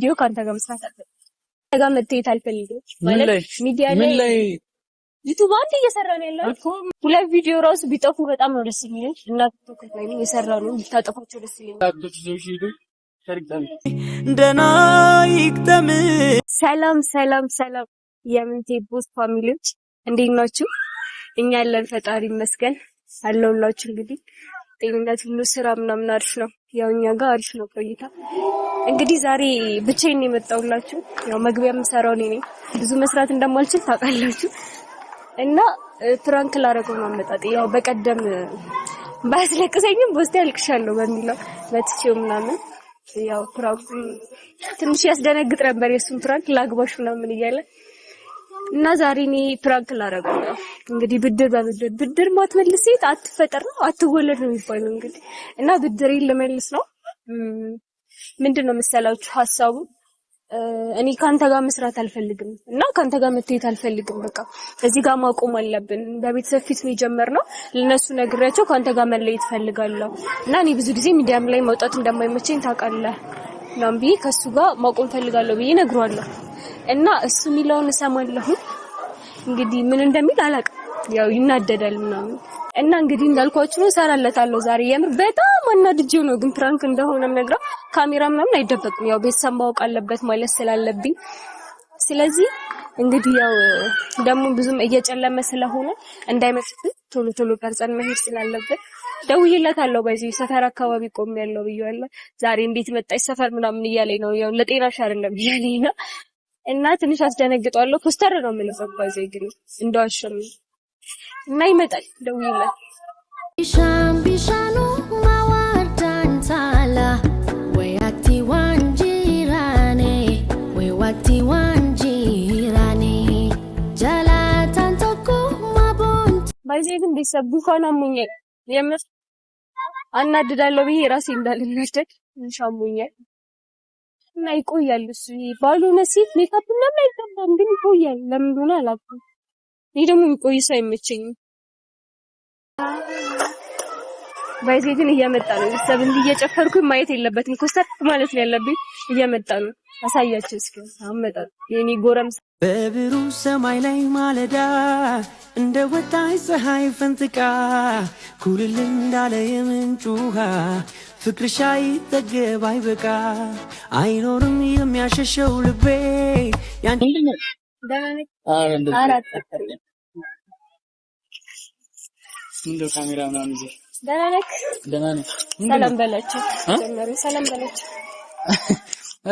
ቪዲዮ ከአንተ ጋር መስራት አልፈልግም። ከአንተ ጋር መታየት አልፈልግም። ማለት ሚዲያ ላይ ዩቱብ አንድ እየሰራ ነው ያለው። ሁለት ቪዲዮ ራሱ ቢጠፉ በጣም ነው ደስ የሚለኝ እና ቲክቶክ ላይ እየሰራ ነው ብታጠፋቸው ደስ ይለኛል። ደህና ይግጠም። ሰላም ሰላም ሰላም፣ የምንቴ ቦስ ፋሚሊዎች እንዴት ናችሁ? እኛ ያለን ፈጣሪ ይመስገን አለሁላችሁ እንግዲህ ጤንነት ሁሉ ስራ ምናምን አሪፍ ነው። ያው እኛ ጋር አሪፍ ነው ቆይታ። እንግዲህ ዛሬ ብቻዬን የመጣሁላችሁ ያው መግቢያ የምሰራው እኔ ነኝ። ብዙ መስራት እንደማልችል ታውቃላችሁ እና ፕራንክ ላደርገው ነው አመጣጤ። ያው በቀደም ባያስለቅሰኝም በውስጤ አልቅሻለሁ በሚለው መትቼው ምናምን ያው ፕራንክ ትንሽ ያስደነግጥ ነበር። የእሱን ፕራንክ ላግባሽ ምናምን እያለ እና ዛሬ እኔ ፕራንክ ላደርገው ነው እንግዲህ። ብድር በብድር ብድር ማትመልስ ሴት አትፈጠር ነው አትወለድ ነው የሚባለው እንግዲህ። እና ብድር ልመልስ ነው ምንድን ነው መሰላችሁ ሀሳቡ እኔ ከአንተ ጋር መስራት አልፈልግም እና ከአንተ ጋር መታየት አልፈልግም። በቃ እዚህ ጋር ማቆም አለብን። በቤተሰብ ፊት ነው የጀመርነው። ለነሱ ነግሬያቸው ከአንተ ጋር መለየት እፈልጋለሁ እና እኔ ብዙ ጊዜ ሚዲያም ላይ መውጣት እንደማይመቸኝ ታውቃለህ ምናምን ብዬ ከእሱ ጋር ማቆም ፈልጋለሁ ብዬ ነግሯለሁ። እና እሱ የሚለውን እሰማለሁ። እንግዲህ ምን እንደሚል አላውቅም። ያው ይናደዳል ምናምን እና እንግዲህ እንዳልኳችሁ ነው፣ እሰራለታለሁ። ዛሬ የምር በጣም አናድጄው ነው፣ ግን ፕራንክ እንደሆነ ነግረው ካሜራ ምናምን አይደበቅም። ያው ቤተሰብ ማወቅ አለበት ማለት ስላለብኝ ስለዚህ እንግዲህ ያው ደግሞ ብዙም እየጨለመ ስለሆነ እንዳይመስል ቶሎ ቶሎ ቀርጸን መሄድ ስላለብን ደውዬላታለሁ። በዚህ ሰፈር አካባቢ ቆሜያለሁ ብዬዋለሁ። ዛሬ እንዴት መጣች ሰፈር ምናምን እያለኝ ነው። ያው ለጤና ሻር እንደም እያለኝ ነው። እና ትንሽ አስደነግጧለሁ። ኮስተር ነው የምንፈጓዘው ግን እንደዋሸም እና ይመጣል ደውይላል ቢሻም ቢሻኑ ወይ ዋንጂራኔ ወይ ዋንጂራኔ ማቦንት ባይዜ ግን ቤተሰብ ጉንፋን አሞኛል። የምር አናድዳለሁ ብዬ ራሴ እንዳልናደድ እንሻሙኛል እና ይቆያል። እሱ ባልሆነ ሴት ሜካፕ ምናምን አይገባም፣ ግን ይቆያል። ለምን እንደሆነ አላውቅም። እኔ ደግሞ የሚቆይ ሰው አይመቸኝም። ባይዜ ግን እየመጣ ነው። ቤተሰብ እንዲህ እየጨፈርኩኝ ማየት የለበትም። ኮስተር ማለት ነው ያለብኝ። እየመጣ ነው። አሳያቸው እስኪ አመጣጥ የኔ ጎረምሳ በብሩ ሰማይ ላይ ማለዳ እንደ ወጣይ ፀሐይ ፈንጥቃ ኩልል እንዳለ የምንጩሃ ፍቅርሽ አይጠገብ አይበቃ አይኖርም የሚያሸሸው ልቤ።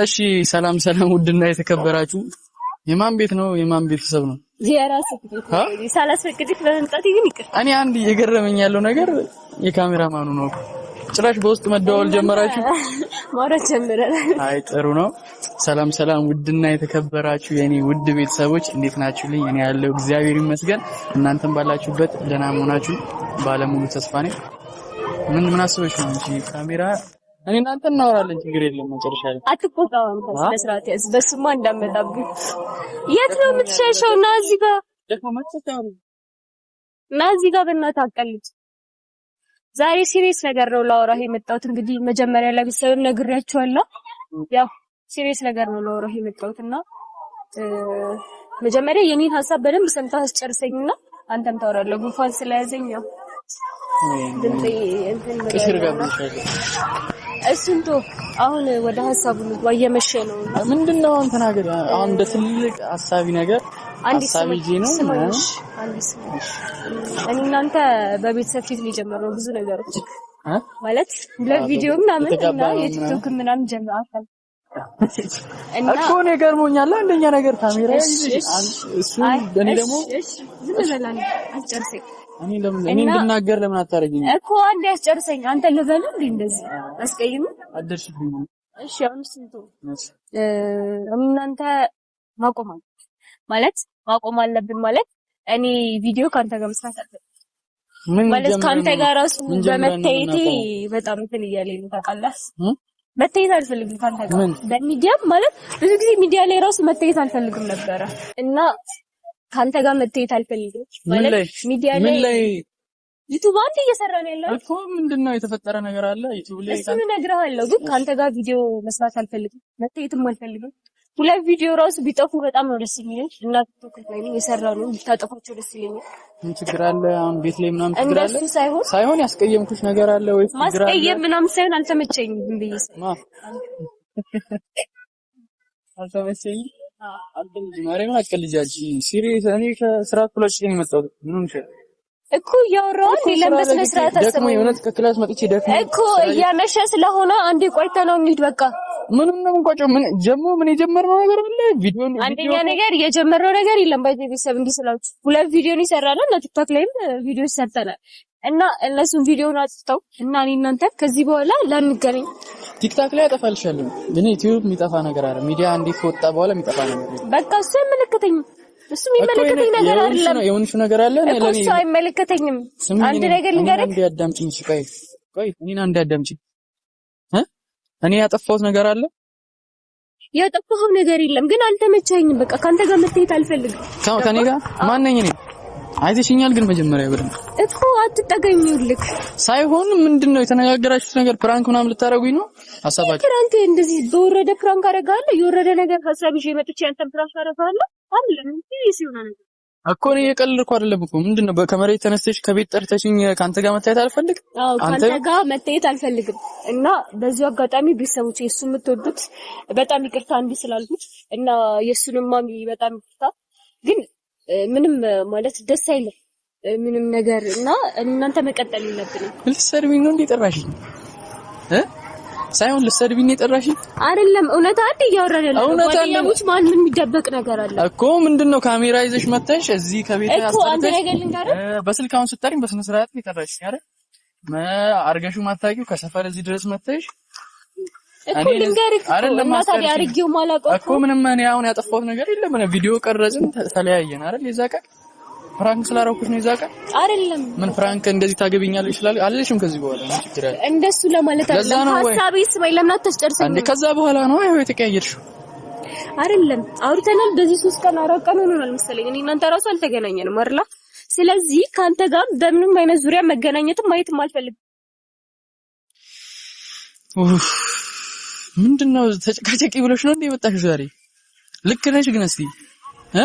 እሺ ሰላም ሰላም፣ ውድና የተከበራችሁ የማን ቤት ነው? የማን ቤተሰብ ነው? የራስ ሳላስፈቅድህ በመምጣት ግን ይቅር። እኔ አንድ እየገረመኝ ያለው ነገር የካሜራማኑ ነው። ጭራሽ በውስጥ መደዋወል ጀመራችሁ? ማውራት ጀምረናል። አይ ጥሩ ነው። ሰላም ሰላም፣ ውድና የተከበራችሁ የኔ ውድ ቤተሰቦች እንዴት ናችሁልኝ? እኔ ያለው እግዚአብሔር ይመስገን፣ እናንተም ባላችሁበት ደህና መሆናችሁ ባለሙሉ ተስፋ ነኝ። ምን ምን አስበሽ ነው እንጂ ካሜራ እኔ እናንተ እናወራለን፣ ችግር የለም። መጨረሻ ላይ አትቆጣውም። በስርዓት ያዝ። በስማ እንዳመጣብኝ የት ነው የምትሸሸው? እና እዚህ ጋር ደግሞ መጥተታው እና እዚህ ጋር በእናትህ አቀልጭ ዛሬ ሲሪየስ ነገር ነው ላወራህ የመጣሁት። እንግዲህ መጀመሪያ ለቤተሰብም ነግሬያቸዋለሁ። ያው ሲሪየስ ነገር ነው ላወራህ የመጣሁት እና መጀመሪያ የኔን ሀሳብ በደንብ ሰምተህ አስጨርሰኝና አንተም ታወራለህ። ጉንፋን ስለያዘኝ ያው ድምጤ እሱን ቶ አሁን ወደ ሀሳቡ ንግባ። እየመሸ ነው። ምንድነው? አንተና ገር አሁን እንደ ትልቅ ሀሳቢ ነገር ሀሳብ ነው። እኔ እናንተ በቤተሰብ ፊት ነው የጀመርነው ብዙ ነገሮች ማለት ለቪዲዮ ምናምን እና የቲክቶክ ምናምን ጀምራታል እኮ እኔ ገርሞኛል። አንደኛ ነገር ካሜራ እሱ እኔ ደግሞ እኔ እኔ እንድናገር ለምን አታደርጊኝ እኮ አንዴ አስጨርሰኝ። አንተ ልበል እንዴ እንደዚህ አስቀይም አደርሽኝ። እሺ አሁን ስንቱ እናንተ ማቆማል ማለት ማቆም አለብን ማለት እኔ ቪዲዮ ካንተ ጋር መስራት አለብን ማለት ካንተ ጋር ራሱ በመታየቴ በጣም እንትን እያለኝ ነው ታውቃለህ። መታየት አልፈልግም ካንተ ጋር በሚዲያም ማለት ብዙ ጊዜ ሚዲያ ላይ ራሱ መታየት አልፈልግም ነበረ እና ካንተ ጋር መታየት አልፈልግም ማለት ሚዲያ ላይ ዩቲዩብ አንድ እየሰራ ነው ያለው እኮ ምንድነው የተፈጠረ ነገር አለ ዩቲዩብ ላይ እሱ እነግርሃለሁ፣ ግን ካንተ ጋር ቪዲዮ መስራት አልፈልግም፣ መታየትም አልፈልግም ሁለት ቪዲዮ ራሱ ቢጠፉ በጣም ነው ደስ የሚለኝ እና ቲክቶክ ላይ የሰራ ነው ብታጠፋቸው ደስ ይለኛል። ምን ችግር አለ? አሁን ቤት ላይ ምናምን ችግር አለ ሳይሆን ሳይሆን ያስቀየምኩሽ ነገር አለ ወይ? ማስቀየም ምናምን ሳይሆን አልተመቸኝም ብዬ ማ አልተመቸኝም ማርያም አቀልጃጅ ሲሪየስ እኔ ከስራ ክፍሎች ላይ መጣሁ ምንም እኮ እያወራሁት የለም። በስነ ስርዓት አሰማኝ እኮ እያመሸ ስለሆነ አንዴ ቆይተ ነው እንሂድ በቃ ምንም ነው የምንቋጨው። ምን ጀሞ ምን የጀመርነው ነገር አለ? ቪዲዮ አንደኛ ነገር የጀመርነው ነገር የለም። ባይ ቤተሰብ እንዲህ ስላችሁ ሁለት ነው ይሰራል እና ቲክቶክ ላይም ቪዲዮ ይሰርተናል እና እነሱን ቪዲዮን አጥፍተው እና እኔ እናንተ ከዚህ በኋላ ላንገናኝ። ቲክቶክ ላይ አጠፋልሻለሁ ግን ዩቲዩብ የሚጠፋ ነገር አለ። ሚዲያ እንዴት ከወጣ በኋላ የሚጠፋ ነገር በቃ እሱ አይመለከተኝም። እሱ የሚመለከተኝ ነገር አይደለም። የሆንሽ ነገር አለ እኮ እሱ አይመለከተኝም። አንድ ነገር ልንገርህ። ቆይ ቆይ፣ እኔን አንድ አዳምጪኝ እኔ ያጠፋሁት ነገር አለ? ያጠፋኸው ነገር የለም፣ ግን አልተመቸኝም። በቃ ካንተ ጋር መታየት አልፈልግም። ታው ከኔ ጋር ማነኝ? እኔ አይተሽኛል፣ ግን መጀመሪያ ብለን እኮ አትጠገኝ ይልክ ሳይሆን ምንድን ነው የተነጋገራችሁት ነገር? ፕራንክ ምናምን ልታረጉኝ ነው? ሀሳባችሁ ፕራንክ? እንደዚህ በወረደ ፕራንክ አደርጋለሁ። የወረደ ነገር ሀሳብ ይዤ መጥቼ አንተን ፕራንክ አደርጋለሁ። አይደለም ሲሆነ ነገር እኮ እኔ የቀለድኩ አይደለም እኮ። ምንድን ነው ከመሬት ተነስተሽ ከቤት ጠርተሽኝ ከአንተ ጋር መታየት አልፈልግም? አዎ ከአንተ ጋር መታየት አልፈልግም። እና በዚሁ አጋጣሚ ቤተሰቦች የሱ የምትወዱት በጣም ይቅርታ እንዲ ስላልኩት እና የሱንም ማሚ በጣም ይቅርታ። ግን ምንም ማለት ደስ አይልም ምንም ነገር እና እናንተ መቀጠል የለብንም። ልትሰርቢኝ ነው እንዴ እ ሳይሆን ልትሰድቢኝ ነው የጠራሽኝ? አይደለም፣ እውነት አንድ እያወራን ያለው እውነት አንደሙች ማንም የሚደበቅ ነገር አለ እኮ። ምንድነው ካሜራ ይዘሽ መተሽ እዚህ ከቤት አስተርተሽ በስልክ አሁን ስጠሪኝ በስነ ስርዓት ነው የጠራሽኝ አይደል? አርገሹ ማታውቂው ከሰፈር እዚህ ድረስ መተሽ እኮ ልንገርህ አይደለም ታዲያ አርጌው ማላውቀው እኮ ምንም እኔ አሁን ያጠፋሁት ነገር የለም። ቪዲዮ ቀረጽን ተለያየን አይደል የዛ ቀን ፍራንክ ስላደረኩሽ ነው። ይዛቀ አይደለም ምን ፍራንክ እንደዚህ ታገብኛለሽ ይችላል አለሽም። ከዚህ በኋላ ነው ችግር አለ እንደሱ ለማለት አይደለም። ሐሳቤ ስማይ ለምን አታስጨርሰኝ እንዴ? ከዛ በኋላ ነው ይሄው የተቀያየርሽው። አይደለም አውርተናል። በዚህ ሶስት ቀን አራት ቀን ሆኖናል መሰለኝ እኔ እናንተ ራሱ አልተገናኘንም አይደል? ስለዚህ ከአንተ ጋር በምንም አይነት ዙሪያ መገናኘትም ማየትም አልፈልግም። ምንድነው ተጨቃጨቂ ብሎሽ ነው እንዴ የመጣሽው ዛሬ? ልክ ነሽ ግን እስቲ እ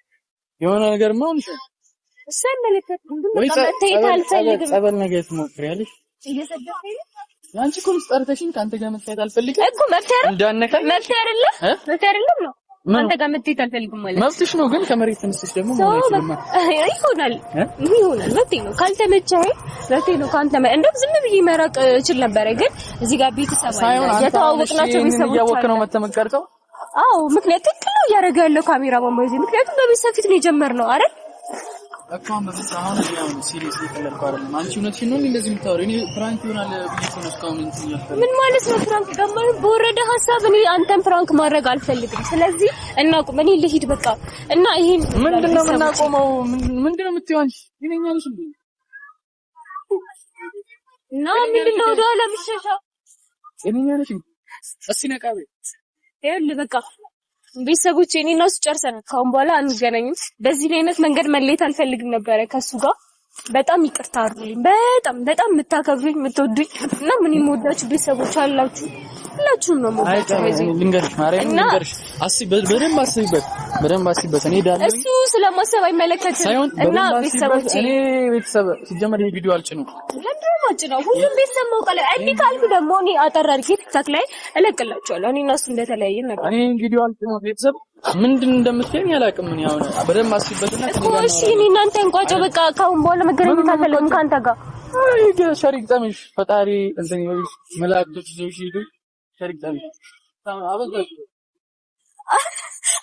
የሆነ ነገር ማን ይችላል ጸበል ነገር ትሞክሪያለሽ። አንቺ እኮ ምስጠርተሽኝ ከአንተ ጋር መታየት አልፈልግም እኮ መብት አይደለ? መብት አይደለም ነው አንተ ጋር መታየት አልፈልግም ማለት መብትሽ ነው። ግን ከመሬት ተነስተሽ ደግሞ ይሆናል ይሆናል መብቴ ነው። ካልተመቸህ መብቴ ነው። መ እንደውም ዝም ብዬ መራቅ እችል ነበረ። ግን እዚህ ጋር ቤተሰብ የተዋወቅናቸው ቤተሰቦች ነው መተመቀርቀው አዎ ምክንያት ነው እያደረገ ያለው ካሜራ ማማይዜ። ምክንያቱም በቤተሰብ ፊት ነው የጀመርነው አይደል? ነው እኔ ፍራንክ ይሆናል ነው ምን ማለት ነው ፍራንክ? ደግሞ በወረደ ሀሳብ እኔ አንተን ፍራንክ ማድረግ አልፈልግም። ስለዚህ እናቁም። እኔ ልሂድ በቃ። እና ይሄ ምንድን ነው የምናቆመው? ምንድን ነው የምትይው አንቺ? ይነኛልሽ እንዴ? እና ምንድን ነው ወደ ኋላ ብሸሻ? ይነኛልሽ እስኪ ይኸውልህ በቃ ቤተሰቦች እኔ እና እሱ ጨርሰናል። ካሁን በኋላ አንገናኝም። በዚህ አይነት መንገድ መለየት አልፈልግም ነበረ ከሱ ጋር። በጣም ይቅርታ አድርጉልኝ። በጣም በጣም የምታከብሩኝ የምትወዱኝ እና ምን የምወዳችሁ ቤተሰቦች አላችሁ። ሁላችሁም ነው የምወዳችሁ እና አስቢ፣ በደንብ አስቢበት በደንብ አስቢበት። እኔ ዳለ እሱ ስለማሰብ አይመለከትም። እና ቤተሰቦቼ እኔ ቤተሰብ ሲጀመር ይሄ ቪዲዮ አልጭነው ለምንድን ነው ሁሉም ቤተሰብ ማውቃለ እኔ ካልኩ ደግሞ እኔ አጠር አድርጌ ቲክታክ ላይ እለቅላቸዋለሁ። እኔ እና እሱ እንደተለያየ ነገር እኔ ቪዲዮ ነው ቤተሰብ ምንድን እንደምትለኝ አላውቅም። እኔ አሁን በደንብ አስቢበት እኮ እሺ። እኔ እናንተ እንቋጨው በቃ። ካሁን በኋላ መገናኘት አልፈልግም ከአንተ ጋር። አይ ሸሪክ ጠምሽ ፈጣሪ እንትን ይበል መላእክቶች ይዘውሽ ሂዱ። ሸሪክ ጠምሽ አበዛሽ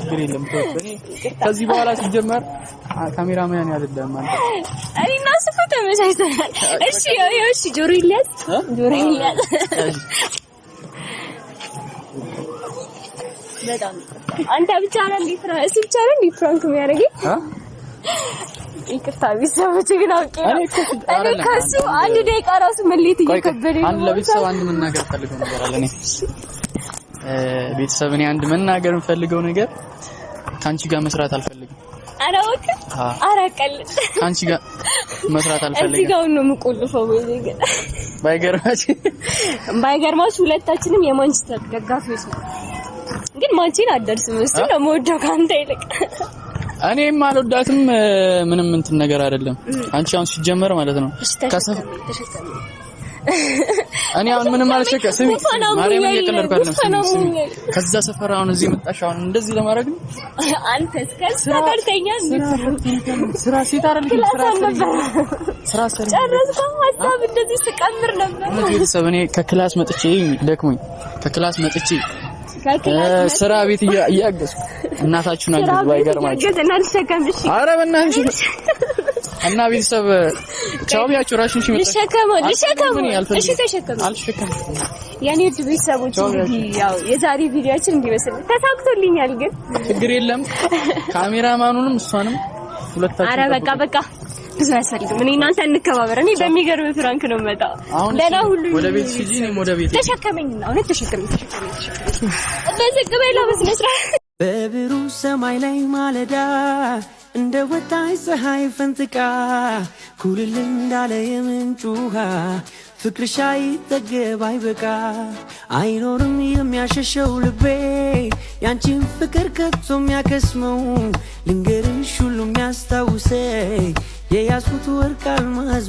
ችግር የለም። ከዚህ በኋላ ሲጀመር ካሜራማን አይደለም አንተ እኔና እሱ እኮ ተመሳይተናል። እሺ እሺ፣ ጆሮ ይለያዝ፣ ጆሮ ይለያዝ። በጣም አንተ ብቻ ነህ እንዴ? እሱ ብቻ ነህ ፍራንክ የሚያደርገኝ? ይቅርታ ቤተሰቦች ግን አውቄ ነው። እኔ ከሱ አንድ ደቂቃ ራሱ መሌት እየከበደ ነው። አንድ ለቤተሰብ አንድ መናገር ፈልገው ነገር አለ። እኔ ቤተሰብ እኔ አንድ መናገር የምፈልገው ነገር ከአንቺ ጋር መስራት አልፈልግም። አራወቅ አራቀል ከአንቺ ጋር መስራት አልፈልግም። እዚህ ጋር ነው የምቆልፈው። ግን ባይገርማች ባይገርማች ሁለታችንም የማንችስተር ደጋፊዎች ነው፣ ግን ማንቺን አደርስም። እሱ ነው የምወደው ከአንተ ይልቅ እኔም አልወዳትም ምንም እንትን ነገር አይደለም። አንቺ አሁን ሲጀመር ማለት ነው ከሰፈ እኔ አሁን ምንም አልሸከ ስሚ፣ ማርያም እየቀለድኩ አይደለም። ከዛ ሰፈር አሁን እዚህ መጣሽ፣ አሁን እንደዚህ ለማድረግ ነው። አንተ ስራ ሴት ስራ ስራ ስራ ጨረስኩ። ሀሳብ እንደዚህ ስቀምር ነበር ቤተሰብ። እኔ ከክላስ መጥቼ ደክሞኝ ከክላስ መጥቼ ስራ ቤት እያገዝኩ እናታችሁን አግዙ። ባይገርማችሁ ኧረ በእናትሽ እና ቤተሰብ ቻው ብያችሁ ራሽን ሽምጥ ልሸከመው ልሸከመው እሺ ተሸከመው አልሸከመው። የኔ ውድ ቤተሰቦች እንግዲህ ያው የዛሬ ቪዲዮአችን እንዲመስል ተሳክቶልኛል፣ ግን ችግር የለም ካሜራማኑንም እሷንም ሁለታችሁ። አረ በቃ በቃ ብዙ አያስፈልግም። እኔ እናንተ እንከባበር። እኔ በሚገርም ፍራንክ ነው የምመጣው። ደህና ሁሉ ወደ ቤት ሂጂ። እኔም ወደ ቤት ተሸከመኝ ነው እውነት ተሸከመኝ፣ ተሸከመኝ፣ ተሸከመኝ። በዝቅ በይላ በስነ ስርዓት በብሩህ ሰማይ ላይ ማለዳ እንደ ወጣይ ፀሐይ ፈንጥቃ ኩልል እንዳለ የምንጩሃ ፍቅርሽ አይጠገብ አይበቃ አይኖርም የሚያሸሸው ልቤ ያንቺን ፍቅር ከቶ የሚያከስመው ልንገርሽ ሁሉ የሚያስታውሰ የያዝኩት ወርቅ አልማዝ